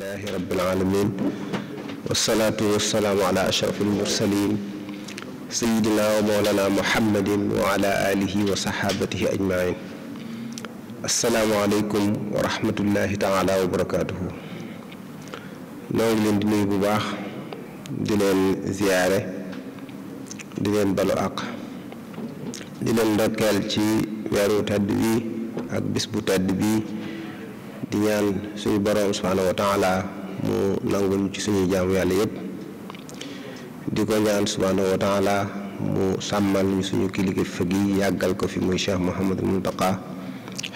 alhamdulilahi rabbil alamin wasalaatu wasalaamu ala ashraf almursalin sayidina wa mawlana muhammadin wa ala alihi wa sahabatihi ajmain asalaamualeykum wa rahmatullahi taala wa barakatuhu noo ngi leen di nuyu bu baax di leen ziyaare di leen balu àq di leen ndokkeel ci weeru tedd bi ak bis bu tedd bi di ñaan suñu boroom subhaanahu wa taala mu nangul ci suñu jaamu yàlla yépp di ko ñaan subhaanahu wa taala mu sàmmal ñu suñu kilifa gi yàggal ko fi muy cheikh Mouhamadul Muntaqa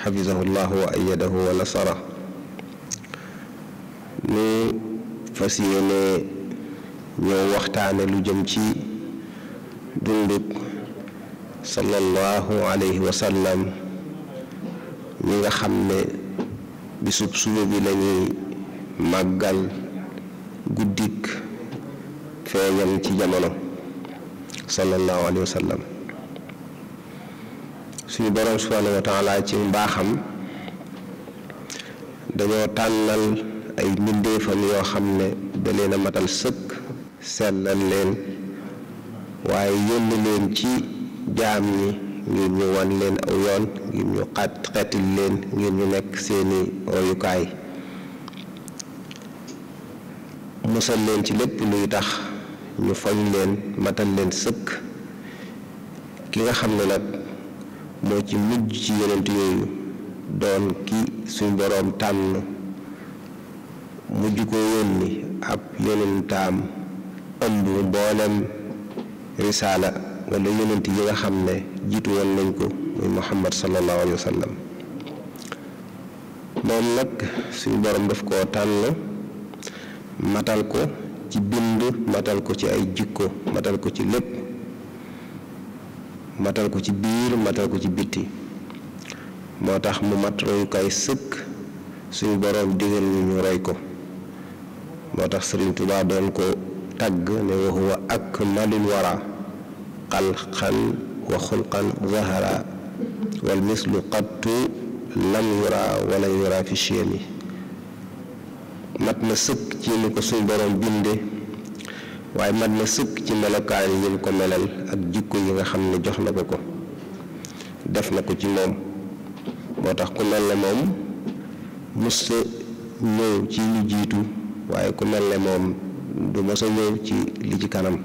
xafisahullahu wa ayadahu wa nasara nu fas yéene ñëw waxtaane lu jëm ci dunduk sallallahu alayhi wa sallam ñi nga xam ne bisub suba bi lañuy màggal guddik feeñam ci jamono sallallahu alayhi wa sallam suñu boroom subhanahu wa taala ci mbaaxam dañoo tànnal ay mbindeefam yoo xam ne da leen a matal sëkk sellal leen waaye yónni leen ci jaam ñi ngir ñu wan leen aw yoon ngir ñu xat leen ngir ñu nekk seeni royukaay musal leen ci lépp luy tax ñu fañ leen matal leen sëkk ki nga xam ne nag moo ci mujj ci yonent yooyu doon ki suñ boroom tànn mujj ko yónni ab yonentaam ëmb mboolem risaala wala yonent yi nga xam ne jiitu woon nañ ko muy muhammad sallallahu alayhi wa sallam moom nag suñu borom daf koo tànn matal ko ci bind matal ko ci ay jikko matal ko ci lépp matal ko ci biir matal ko ci bitti moo tax mu mat royukaay sëkk suñu borom digal ñu ñu roy ko moo tax Sëriñ Tuubaa doon ko tagg ne wa huwa akmalul wara xalqan wa xulqan zahara wal mislu qattu lam yura wala yura fi chiyami mat na sëkk ci ni ko suñ borom binde waaye mat na sëkk ci melokaan yi mu ko melal ak jikko yi nga xam ne jox na ko ko def na ko ci moom moo tax ku mel ne moom musta ñëw ci lu jiitu waaye ku mel ne moom du mës a ci li ci kanam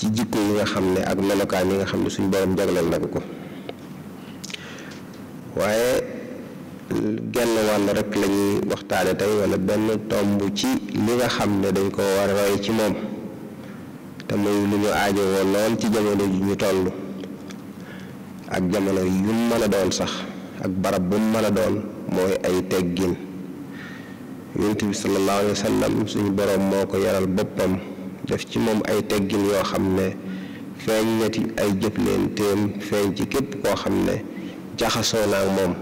ci jikko yi nga xam ne ak melokaan yi nga xam ne suñu borom jagleel nag ko waaye genn wàll rek la ñuy tey wala benn tomb ci li nga xam ne dañ ko war a roy ci moom te muy lu ñu aajowoo lool ci jamono ji ñu toll ak jamono yu mën a doon sax ak barab bu mën a doon mooy ay teggin yonent bi sallallahu alayhi wa sallam suñu borom moo ko yaral boppam def ci moom ay teggin yoo xam ne feeñ na ci ay jëflanteem feeñ ci képp koo xam ne jaxasoo naa moom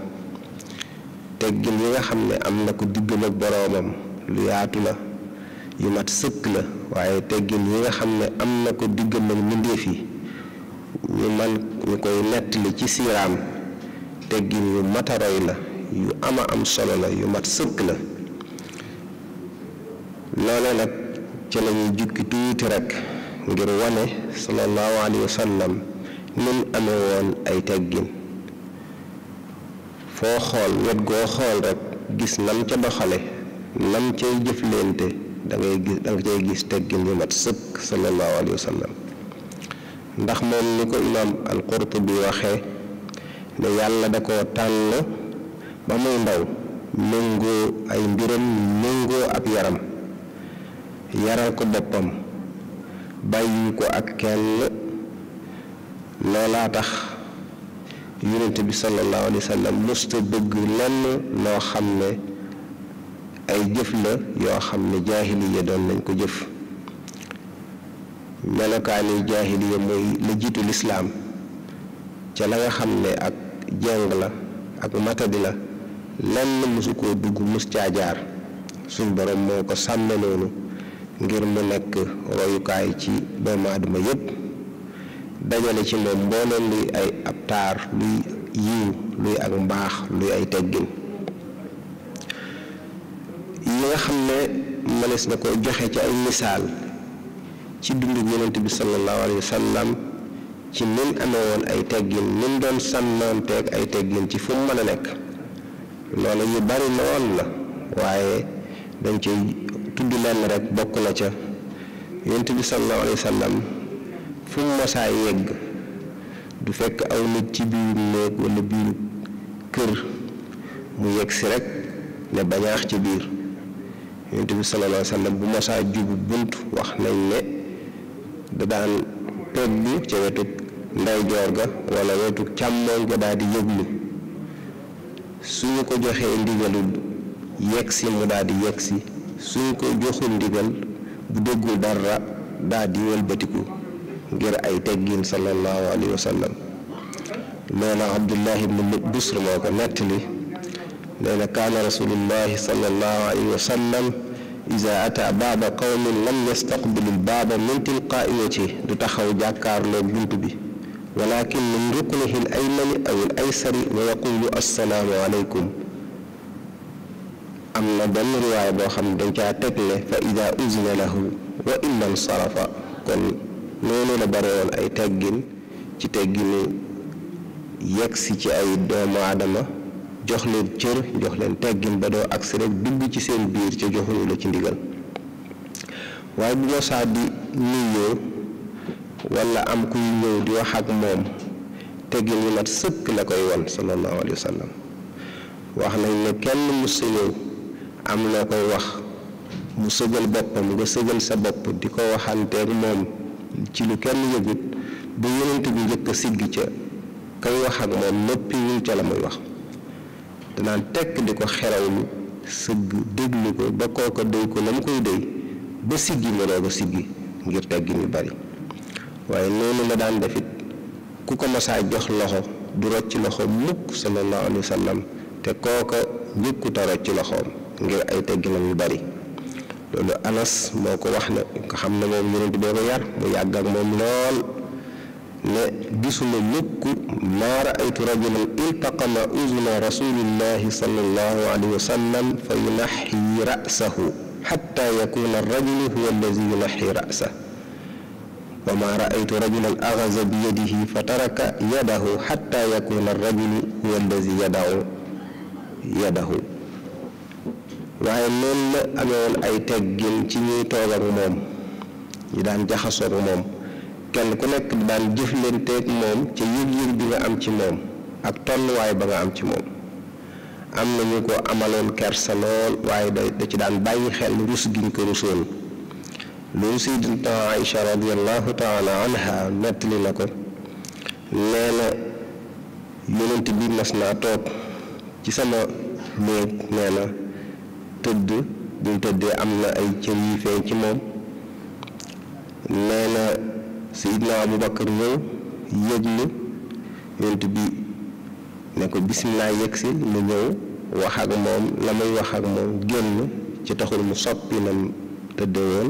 teggin yi nga xam ne am na ko diggam ak boroomam lu yaatu la yu mat sëkk la waaye teggin yi nga xam ne am na ko diggam ak mbindéef yi ñu man ñu koy nettali ci siiraam teggin yu mat a roy la yu ama am solo la yu mat sëkk la loolee nag ci la ñuy jukki tuuti rek ngir wane sallallahu alayhi wa sallam nim ay teggin foo xool wet goo xool rek gis nam ca doxale nam cay jëflente da ngay gis da gis teggin yu mat sëkk sallallahu alayhi wa ndax moom ni ko imaam al-Qurtubi waxee ne yàlla da koo tànn ba muy ndaw méngoo ay mbiram méngoo ab yaram yaral ko boppam bàyyi ko ak kenn loolaa tax yonent bi sallallahu alayhi wa sallam musta bëgg lenn noo xam ne ay jëf la yoo xam ne jaahiliya doon nañ ko jëf melokaani jaahiliya mooy la jiitu lislaam ca la nga xam ne ak jeng la ak matadi la lenn mësu koo dugg mës caajaar suñ borom moo ko sàmme noonu ngir mu nekk royukaay ci doomu aadama yépp dajale ci moom mbooleem luy ay ab taar luy yiw luy ak mbaax luy ay teggin yi nga xam ne mënees na ko joxe ci ak misaal ci dundu yonent bi sallallahu alayhi wa ci nin amee woon ay teggin nin doon sàmmanteeg ay teggin ci fu mu mën a nekk loolu yu bari na la waaye dañ ciy tudd lenn rek bokk na ca yonent bi sallallahu alayhi wa sallam fu mu mosaa yegg du fekk aw nit ci biiru néeg wala biiru kër mu yegg si rek ne bañaax ci biir yonent bi sallallahu alayhi wa sallam bu mosaa jubu bunt wax nañ ne da daan teggu ca wetug ndeyjoor ga wala wetug càmmooñ ga daal yëglu su ñu ko joxee ndigalul yegg si mu daal di yegg si suñ ko joxul ndigal bu déggul dara daa di ngir ay teggin sallallahu alayhi wa sallam loola abdullahi ibnu busr moo ko nettali nee kaana rasulullahi sallallahu alayhi wa sallam ida ata du taxaw jàkkaarloo bunt bi walakin min ruknihi al aymani aw al aysari wa yaqulu assalaamu alaykum am na benn riwaay boo xam ne dañ caa tegle fa ida uzina lahum wa illan sarafa kon loolu la bare woon ay teggin ci teggini yegsi ci ay doomu aadama jox leen cër jox leen teggin ba doo agsi rek dugg ci seen biir ca joxuñu la ci ndigal waaye bu mosaa di nuyoo wala am kuy ñëw di wax ak moom teggin yi mat sëkk la koy won sallallahu alayhi wa wax nañ ne kenn mus ñëw am loo koy wax mu sëgal boppam nga sëgal sa bopp di ko waxanteeg moom ci lu kenn yëgut bu yonent bi njëkk a sigg ca kay wax ak moom noppi ca la muy wax danaan tekk di ko xeraw lu sëgg déglu ko ba kooka déy ko la mu koy déy ba siggi nga doo ko siggi ngir teggi ñu bari waaye noonu la daan defit ku ko masaa jox loxo du rocc loxo mukk sallallahu alayhi wa sallam te kooka njëkkuta rocc loxoom ngir ay tegginam yu bari loolu anas moo ko wax ne nga xam ne moom yonent bee ko yar mu yàgg ak moom lool ne gisuma mukk maa raaytu rajulan iltaqama uzna rasulillahi sallallahu fa yunaxi rasahu xatta yakuna arrajulu maa raaytu rajulan axaza bi yadihi fa taraka yadahu xatta yakuna arrajulu huwa alladi waaye noonu la amee woon ay teggin ci ñuy toog moom ñi daan jaxasoo ak moom kenn ku nekk daan jëflanteeg moom ca yëg-yëg bi nga am ci moom ak tolluwaay ba nga am ci moom am na ñu ko amaloon kersa lool waaye da ci daan bàyyi xel rus gi ñu ko rusoon loolu sayyidina Aïcha radiyallahu taala nettali na ko nee na yonent bi mas naa toog ci sama néeg nee na tëdd bu mu tëddee am na ay cër yi feeñ ci moom nee na Seydina Aboubacar ñëw yëglu yonent bi ne ko bisimilah yegsi mu ñëw wax ak moom la muy wax ak moom génn ci taxul mu soppi nam tëddee woon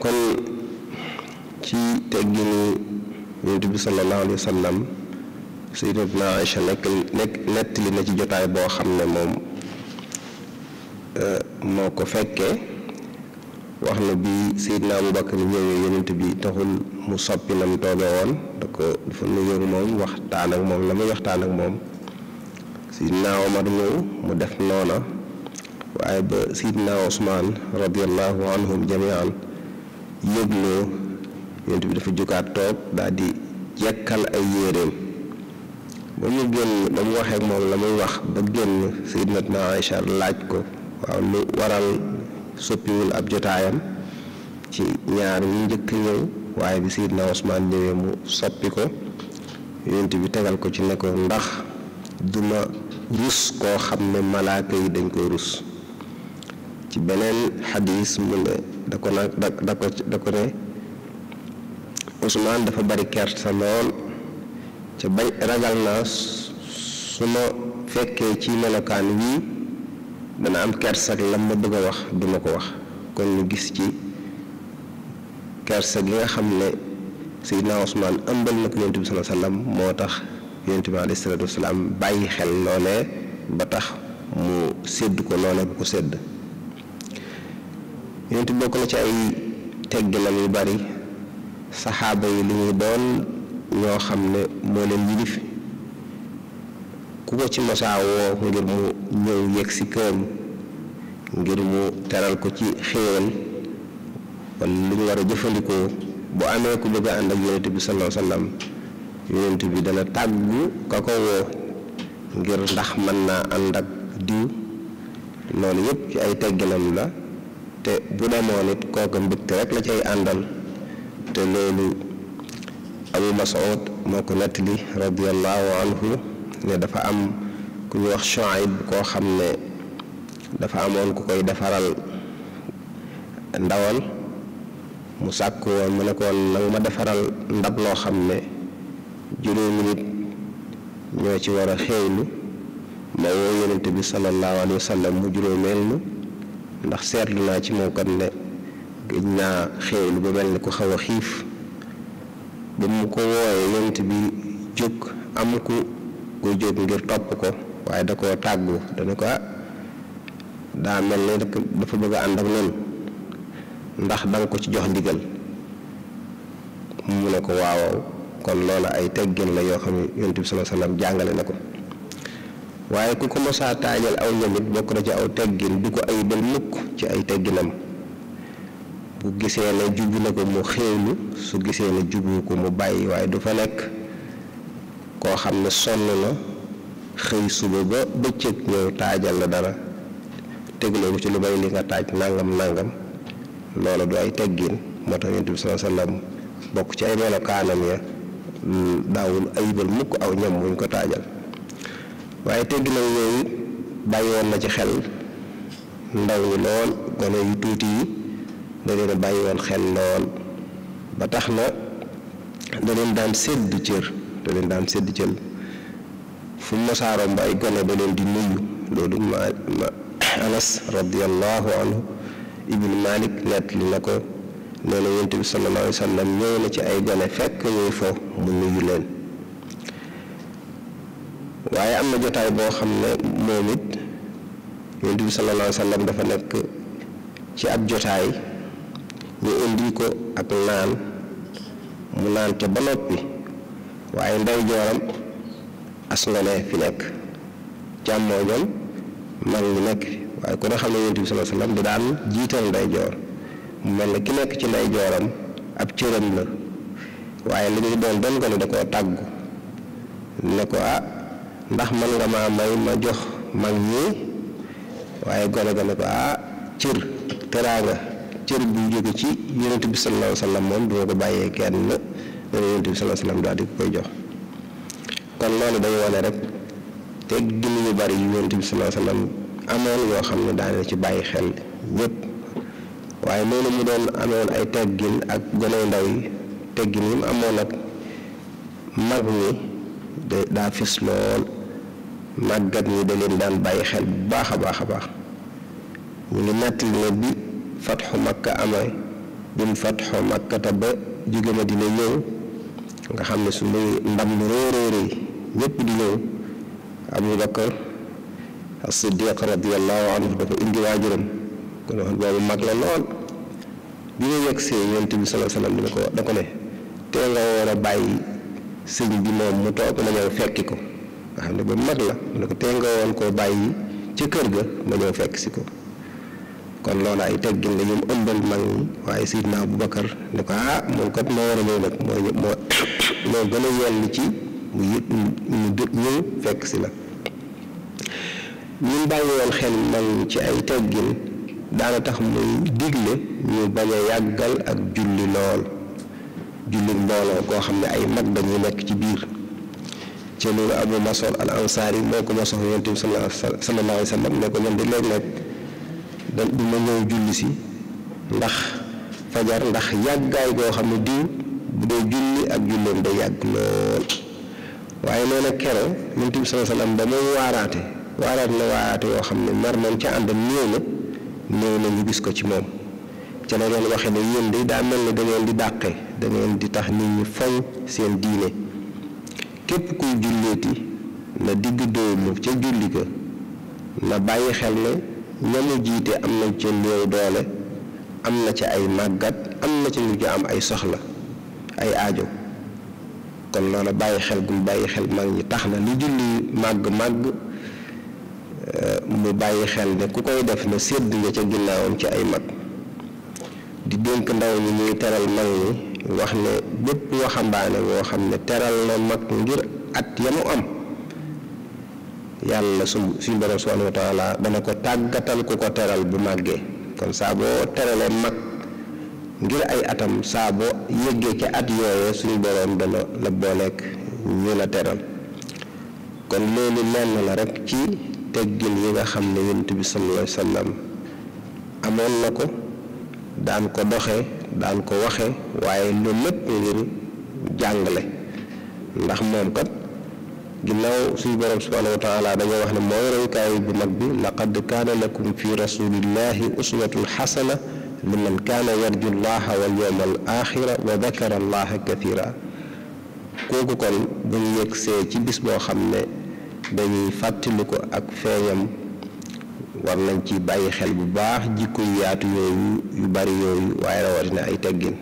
kon ci tegginu yonent bi sallallahu alayhi wa Sayyidatuna Aïcha nekk nekk nettali na ci jotaay boo xam ne moom euh, moo ko fekkee wax na bi Seydina Abubakar ñëwee yonent bi taxul mu soppi na mu toogee woon da ko dafa nuyoog moom moom la muy waxtaan ak moom Seydina Omar ñëw mu def noona waaye ba Seydina Ousmane radiallahu anhum jamian yëgloo yonent bi dafa jukaat toog daal di yekkal ay yéreem ba ñu génn ba mu waxee moom la muy wax ba génn sayyidatna Aïcha laaj ko waaw lu waral soppiwul ab jotaayam ci ñaar yi njëkk ñëw waaye bi sayidna Usmaan ñëwee mu soppi ko yonent bi tegal ko ci ne ndax duma rus koo xam ne malaaka yi dañ koy rus ci beneen xadis mu ne da ko nag da ko ne Usmaan dafa bari kersa lool ca bañ ragal naa su ma fekkee ci melokaan wii dana am kersa ak lam ma bëgg a wax duma ko wax kon ñu gis ci kersa gi nga xam ne Seydina Ousmane ëmbal na ko yonent bi sallallahu alayhi wasallam moo tax yonent bi alayhi salaatu wasalaam bàyyi xel loolee ba tax mu sédd ko loolee ko sédd yonent bokk na ci ay tegginam yu bari saxaaba yi li ñuy doon ñoo xam ne moo leen fi ku ko ci mosaa woo ngir mu ñëw yegg si këram ngir mu teral ko ci xéewal kon lu ñu war a jëfandikoo bu amee ku bëgg ànd ak yonent bi sallallahu alayhi wasallam yonent bi dana tàggu ka ko woo ngir ndax mën naa ànd ak diw loolu yépp ay tegginam la te bu demoon it kooka mbégte rek la cay àndal te loolu abu mas'ud moo ko nettali radiallahu anhu ne dafa am ku ñu wax Shuayb koo xam ne dafa amoon ku koy defaral ndawal mu sàkk woon mu ne koon nag ma defaral ndab loo xam ne juróomi nit ñoo ci war a xéewlu ma woo yonente bi sallallahu alayhi wa mu juróomeel nu ndax seetlu naa ci moom kat ne gëj naa xéewlu ba mel ni ku xaw xiif ba mu ko wooyee yonent bi jóg am ku ko jóg ngir topp ko waaye da ko tàggu dana ko ah daa mel ne dafa bëgg ànd ak noonu ndax danga ko ci jox ndigal mu ne ko waawaaw kon loola ay teggin la yoo xam ne yonent bi sallallahu alayhi jàngale na ko waaye ku ko mosaa taajal aw ñamit bokk na ci aw teggin du ko ay bel mukk ci ay tegginam bu gisee la jubbu na ko mu xéewlu su gisee la jubbu ko mu bàyyi waaye du fa nekk koo xam ne sonn na xëy suba ba bëccëg ñëw taajal la dara tegloo ko ci lu bari li nga taaj nangam nangam loolu du ay teggin moo tax yonent bi sallallahu alayhi wasallam bokk ci ay melokaanam ya mm, daawul ayibal mukk aw ñam wuñ ko taajal waaye tegginam yooyu bàyyi woon na ci xel ndaw ñi lool gone yu tuuti yi da leen a bàyyi woon xel lool ba tax na da daan sedd cër da daan sédd cër fu mosaaroom ba ay gone da leen di nuyu loolu ma anas radiallahu anhu ibn malik nett li na ko nee na yonent bi sallallahu ñëw na ci ay gone fekk ñuy fo mu nuyu leen waaye am na jotaay boo xam ne moom it yonent bi sallallahu alayhi dafa nekk ci ab jotaay ñu indi ko ak naan mu naan ca ba noppi waaye ndey jooram as ngone fi nekk càmmooñam mag ñi nekk fi waaye ku ne xam ne yonent bi sallallahu alayhi da daan jiital ndey joor mel ne ki nekk ci ndey jooram ab cëram la waaye li ñu doon doon gone da koo tàggu ne ko ah ndax man nga maa may ma jox mag ñi waaye gone ga ne ko ah cër teraanga cër bu jóge ci yonent bi sallallahu alayhi wa sallam moom dina ko bàyyee kenn loolu yonent bi sallallahu alayhi wa sallam daal di koy jox kon loolu day wane rek teggin yu bari yu yonent bi sallallahu alayhi amoon yoo xam ne daane ci bàyyi xel ñëpp waaye loolu mu doon amoon ay teggin ak gone ndaw yi teggin amoon ak mag ñi da daa fis lool màggat ñi da leen daan bàyyi xel bu baax a baax a baax ñu ngi natt ne bi fatxu makka amee bim fatxu makkata ba jóge Madina ñëw nga xam ne su muy ndam lu rëy rëy ñépp di ñëw Abu Bakar as-Siddiq radiyallahu dafa indi waajuram kon boobu mag la lool bi ñu yegsee yonent bi sallallahu alayhi wasallam ni ko da ko ne te nga war a bàyyi sëñ bi moom mu toog ma ñëw fekki ko nga xam ne ba mag la mu ne ko te nga woon koo bàyyi ca kër ga ma ñëw fekk si ko kon loolu ay teggin la ñoom ëmbal mag ñi waaye Seydina Aboubacar ne ko ah moom kat moo war a ñëw ci mu yëg fekk si la ñun bàyyi woon xel mag ñi tax muy digle ñu a yàggal ak julli lool julli koo xam ne ay mag dañuy nekk ci biir ci loolu Abu Mas'ud al Ansari moo ko ma sox yonent bi sallallahu alayhi wa sallam ne ko ñoom di léeg-léeg du ma julli si ndax fajar ndax yàggaay goo xam ne diw bu dee julli ak julleem day yàgg lool waaye nee na kero yonent bi sallallahu alayhi wasallam ba muy waaraate waaraat na waaraate yoo xam ne mer moom ca ànd néew na néew na ñu gis ko ci moom ca la doon waxee ne yéen day daa mel ne da di dàqe da ngeen di tax nit ñi foñ seen diine képp kuy julleeti na digg dóomu ca julli ga na bàyyi xel ne ña jiite am nañ ca néew doole am na ci ay màggat am na ci ñu ci am ay soxla ay aajo kon loola bàyyi xel gum bàyyi xel mag ñi tax na li julli màgg-màgg eh, mu bàyyi xel ne ku koy def ne sédd nga ca ginnaawam ci ay mag di dénk ndaw ñi ñuy teral mag ñi wax ne bépp waxambaane woo xam ne teral na mag ngir at ya mu am yàlla su suñu borom subhanahu dana ko tàggatal ku ko teral bu màggee kon saa boo teralee mag ngir ay atam saa boo yëggee ca at yooyee suñu borom dana la booleeg ñu la teral kon loolu lenn la rek ci teggin yi nga xam ne yonent bi sallallahu alayhi amoon na ko daan ko doxe daan ko waxe waaye loolu lépp ngir jàngale ndax moom kat ginnaaw suñu borom subhaanahu wa taala dañoo wax ne mooy royukaay bu mag bi laqad kaana lakum fi rasulillahi uswatun xasana liman kaana yarju llaha wal yawma al axira wa dakara allaha kathira kooku kon bu ñu yëgsee ci bis boo xam ne dañuy fàttali ko ak feeñam war nañ ci bàyyi xel bu baax jikko yu yaatu yooyu yu bari yooyu waaye rawatina ay teggin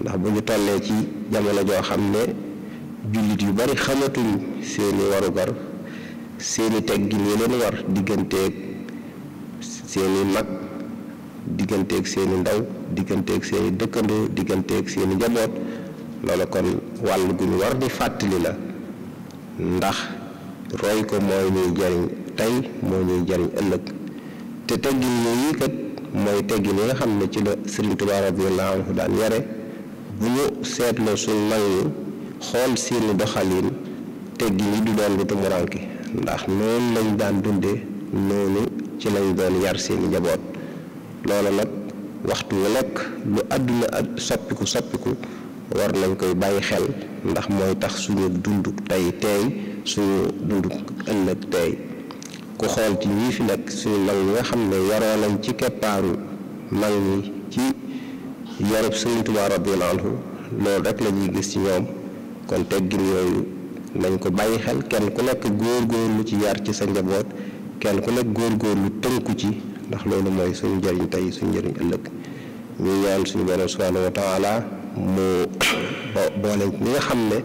ndax bu ñu tollee ci jamono joo xam ne jullit yu bari xamatuñ seeni warugar seeni teggin yi leen war digganteeg seeni mag digganteeg seeni ndaw digganteeg seeni dëkkandoo digganteeg seeni njaboot loolu kon wàll gu ñu war di fàttali la ndax roy ko mooy ñuy jariñ tey moo ñuy jariñ ëllëg te teggin yooyu kat mooy teggin yi xam ne ci la Sëriñ Tuubaa radiyallaahu anhu daan yare bu ñu seetloo suñ mag ñi xool seeni doxalin teggi ni du doon lu tumuranki ndax noonu lañ daan dunde noonu ci lañ doon yar seeni njaboot loola nag waxtu wu nekk lu àdduna soppiku soppiku war nañ koy bàyyi xel ndax mooy tax suñu dund tey teey suñu dund ëllëg teey ku xool ci ñii fi nekk suñu mag ñi nga xam ne yaroo ci keppaaru mag ñi ci yarub Sëriñ Tuubaa radiyallaahu anhu loolu rek la ñuy ci ñoom kon teggin yooyu nañ ko bàyyi xel kenn ku nekk góor góor góorgóorlu ci yar ci sa njaboot kenn ku nekk góor góor góorgóorlu tënku ci ndax loolu mooy suñu njëriñ tey suñu njëriñ ëllëg ñu ñaan suñu borom subhanahu wa taala mu boole ñi nga xam ne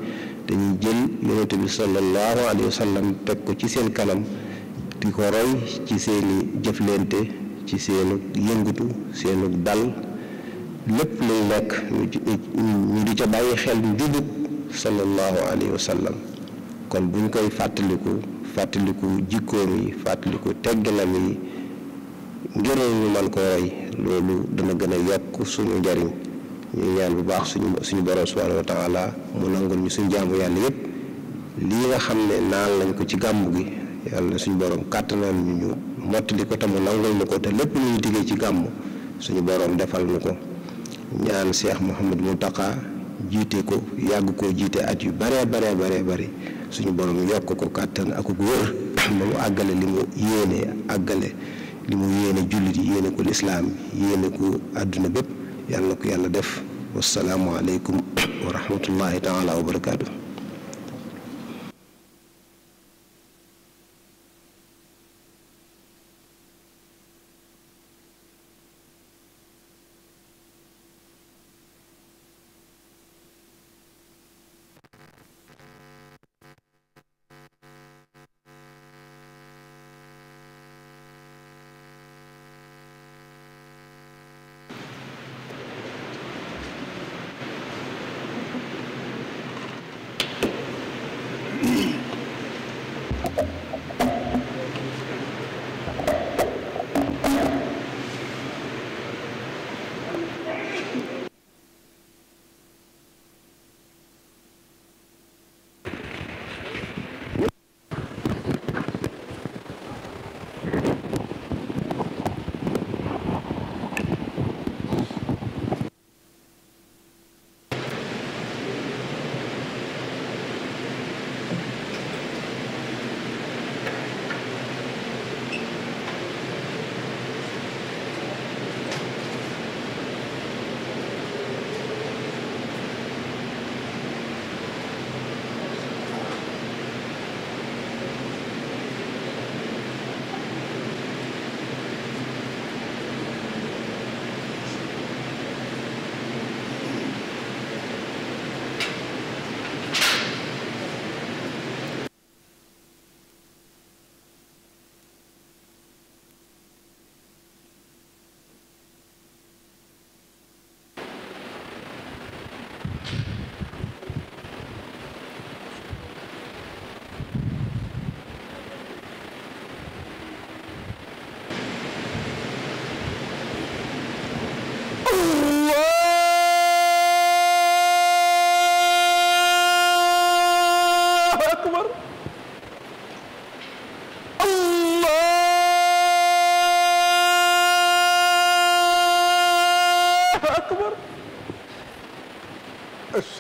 dañuy jël yonent bi sallallahu alayhi wa teg ko ci seen kanam di ko roy ci seeni jëflante ci seenu yëngutu seenu dal lépp luy nekk ñu di ca bàyyi xel njubut sallallahu alayhi wa kon bu ñu koy fàttaliku fàttaliku jikkoom yi fàttaliku tegginam yi ngir ñu man ko roy loolu dana gën a yokk suñu njariñ ñu ñaan bu baax suñu suñu borom subhanahu wa mu nangul ñu suñu jaamu yàlla yépp lii nga xam ne naan lañ ko ci gàmm gi yàlla suñu borom kàttanal ñu ñu mottali ko tamu nangul ñu ko te lépp lu ñu diggee ci gàmm suñu borom defal ñu ko ñaan Cheikh Mouhamed Mountakha jiite ko yàgg koo jiite at yu baree baree bare bëri suñu borom yokk ko kàttan ak wër ba mu àggale li mu yéene àggale li mu yéene jullit yéene ko lislaam yéene ko àdduna bépp yàlla na ko yàlla def wasalaamualeykum wa rahmatullahi taala wa barakaatu.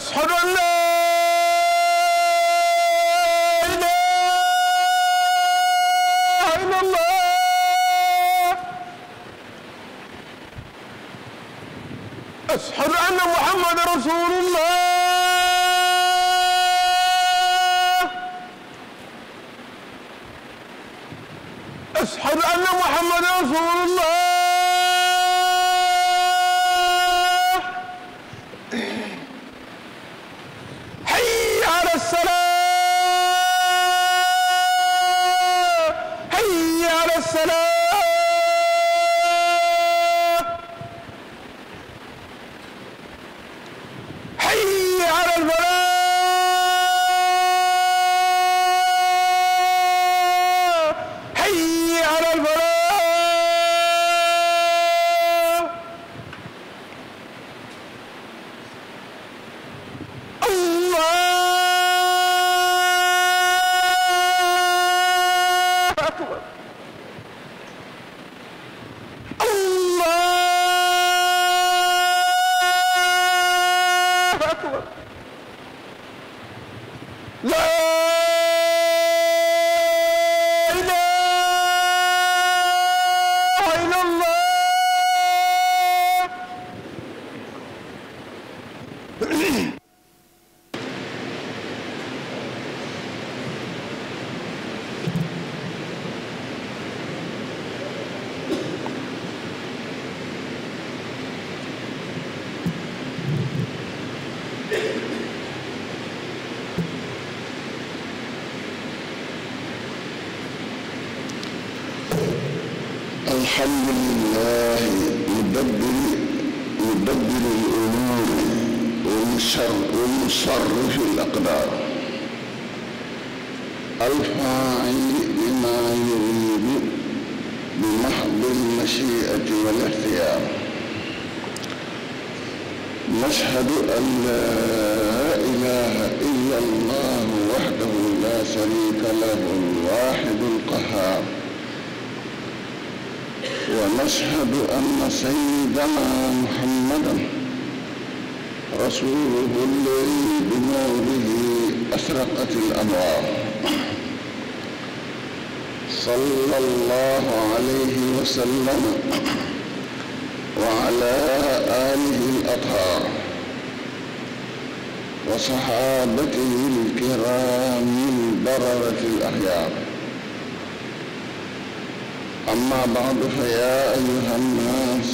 أشهد أن لا الحمد لله مدبر مدبر الأمور ومصرف الأقدار الفاعل بما يريد بمحض المشيئة والاختيار نشهد أن لا إله إلا الله وحده لا شريك له الواحد القهار ونشهد أن سيدنا محمدا رسوله الذي بنوره أشرقت الأنوار صلى الله عليه وسلم وعلى آله الأطهار وصحابته الكرام البررة الأخيار أما بعد فيا أيها الناس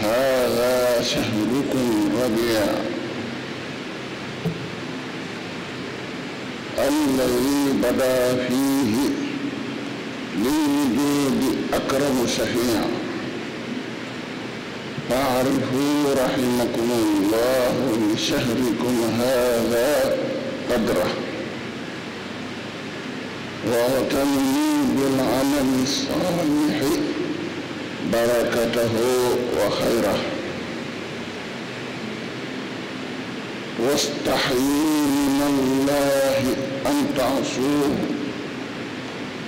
هذا شهركم الربيع الذي بدا فيه للوجود أكرم شفيع فاعرفوا رحمكم الله لشهركم هذا قدره واغتنمي بالعمل الصالح بركته وخيره واستحيي من الله أن تعصوه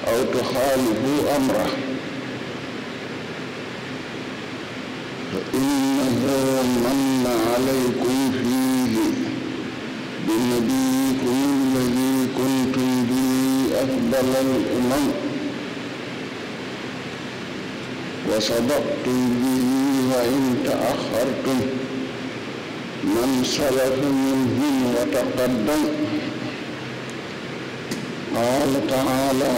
أو تخالفوا أمره فإنه من عليكم فيه بالنبي أفضل الإمام وصدقتم به وإن تأخرتم من سلف منهم وتقدم قال تعالى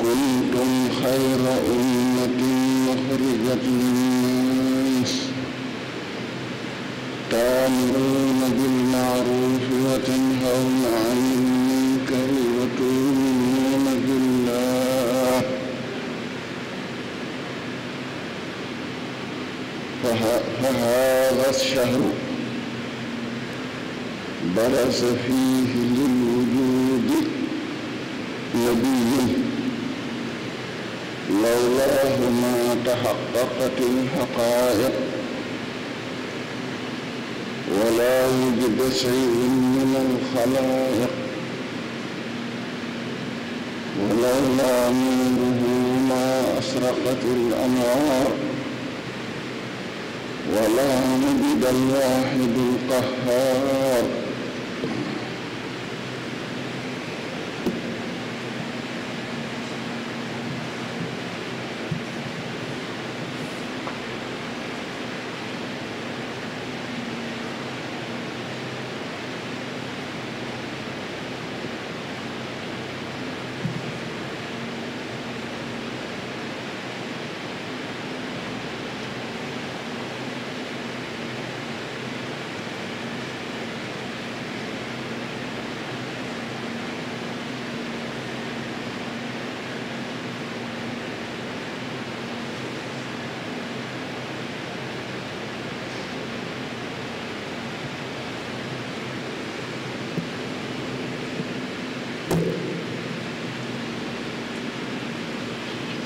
كنتم خير أمة أخرجت للناس تأمرون فهذا الشهر برز فيه للوجود نبي لولاه ما تحققت الحقائق ولا وجد شيء من الخلائق ولولا نوره ما أشرقت الأنوار ولا مجد الواحد القهار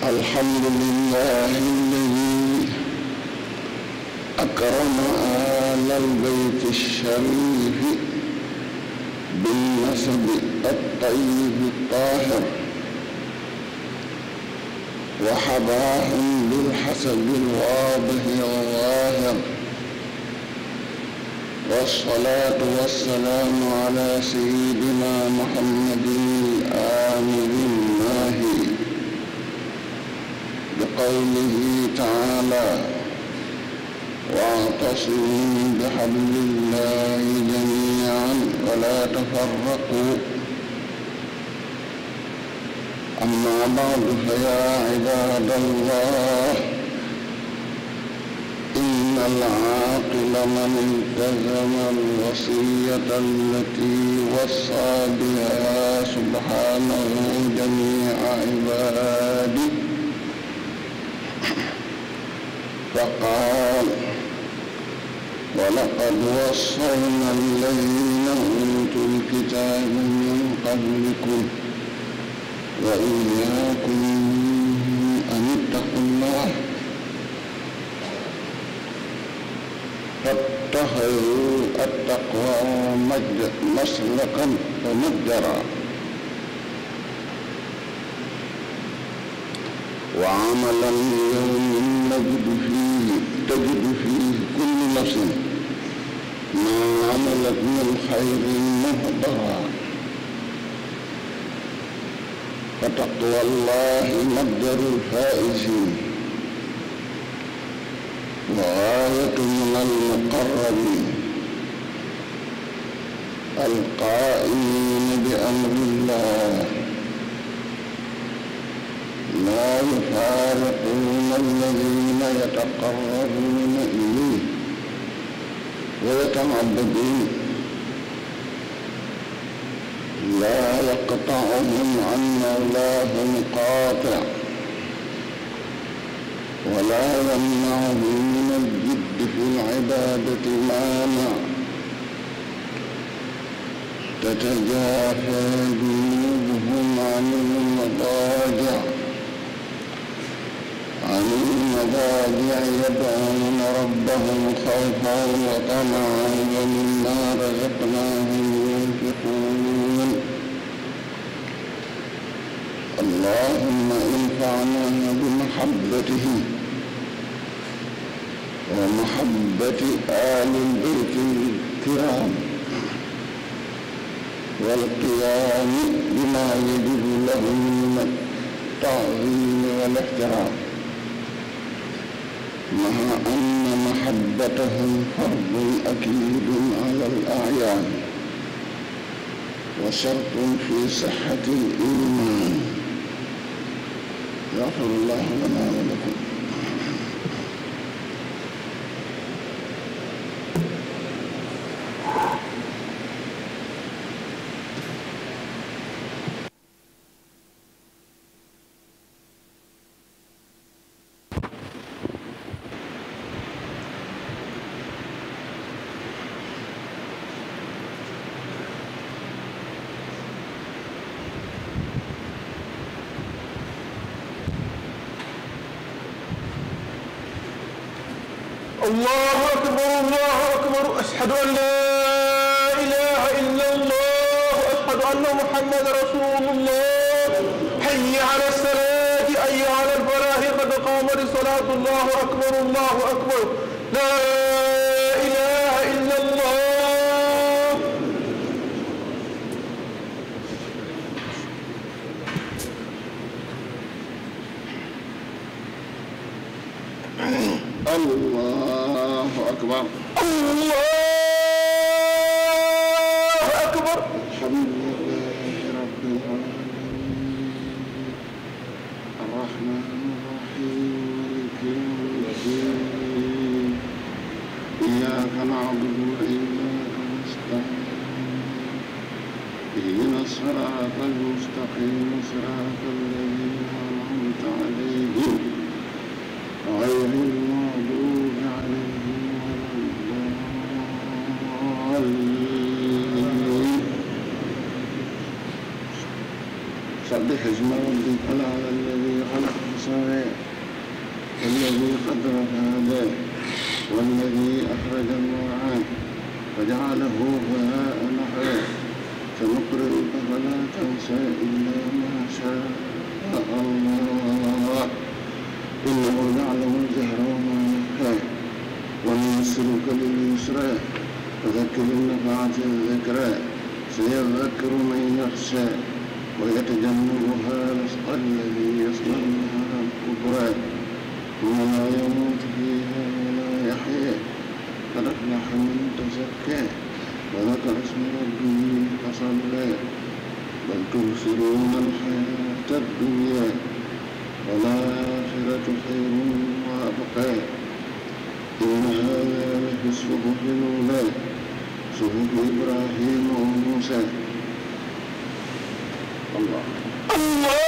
الحمد لله الذي أكرم آل البيت الشريف بالنسب الطيب الطاهر وحباهم بالحسب الواضح الظاهر والصلاة والسلام على سيدنا محمد آمر الناهي بقوله تعالى واعتصموا بحبل الله جميعا ولا تفرقوا أما بعد فيا عباد الله العاقل من التزم الوصية التي وصى بها سبحانه جميع عباده فقال ولقد وصينا الذين أوتوا الكتاب من قبلكم وإياكم أن اتقوا الله تخروا التقوى مجد مسلقا ومتجرا وعملا يوم نجد فيه تجد فيه كل نفس ما عملت من خير مهدرا فتقوى الله متجر الفائزين وغاية من المقربين القائمين بأمر الله لا يفارقون الذين يتقربون إليه ويتعبدون لا يقطعهم عن مولاه قاطع ولا يمنعه من الجد في العبادة مانع تتجافى جنوبهم عن المضاجع عن المضاجع يدعون ربهم خوفا وطمعا ومما رزقناهم ينفقون اللهم انفعنا بمحبته ومحبة آل البيت الكرام والقيام بما يجب لهم من التعظيم والاحترام مع أن محبتهم فرض أكيد على الأعيان وشرط في صحة الإيمان يغفر الله لنا ولكم allahu akbar allahu akbar ashhadu an la ilaha illa allah ashhadu anna muhammadan rasulullah hayya ala salaati hayya ala alfalahi qad qaamat salaatu allahu akbar allahu akbar xam موسى صحف إبراهيم وموسى الله الله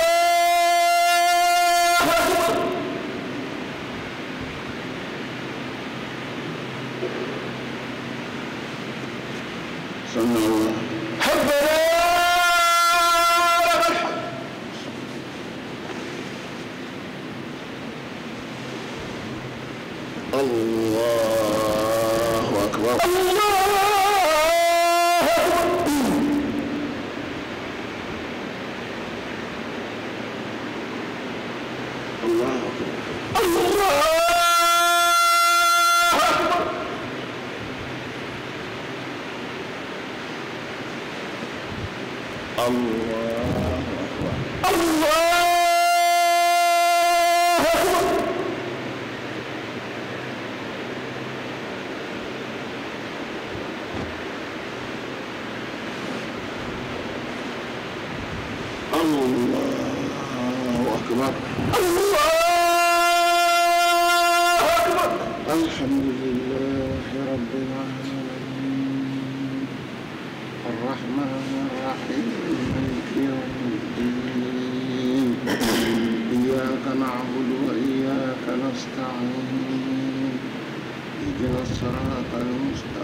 الصراط المستقيم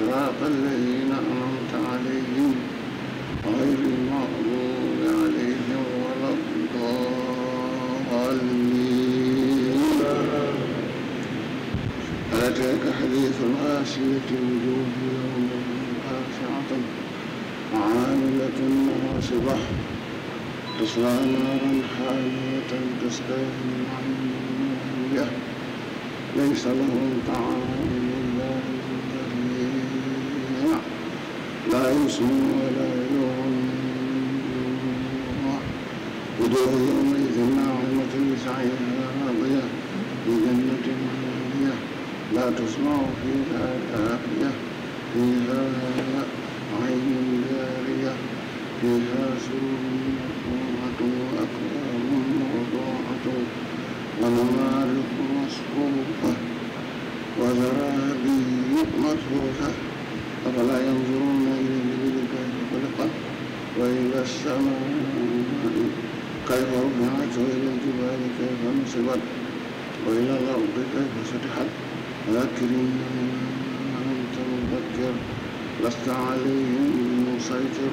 صراط الذين أنعمت عليهم غير المغضوب عليهم ولا الضالين أتاك حديث الغاشية وجوه يومئذ خاشعة عاملة ناصبة تصلى نارا حامية تسقى من عين ليس له طعام إلا من لا يسمن ولا يغني وجوه يومئذ ناعمة لسعيها راضية في جنة عالية لا تسمع فيها لاهية فيها عين جارية فيها سرور مرفوعة وأكواب موضوعة ونمارق مسكوبة وزرابي مبثوثة أفلا ينظرون إلى الإبل كيف خلقت وإلى السماء كيف رفعت وإلى الجبال كيف نصبت وإلى الأرض كيف سطحت ذكر أنت مذكر لست عليهم مسيطر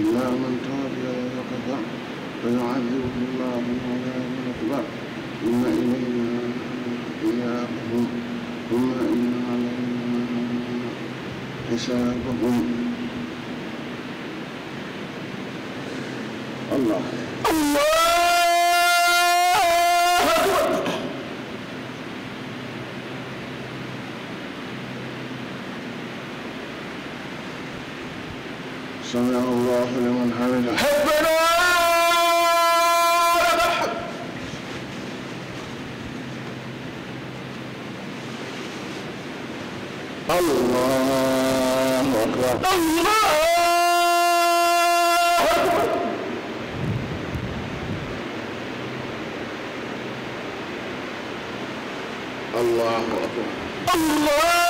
إلا من توفي وكفر فيعذبه الله العذاب الأكبر إن إلينا حسابهم الله الله سمع الله لمن حمده الله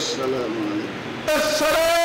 salaamaaleykum.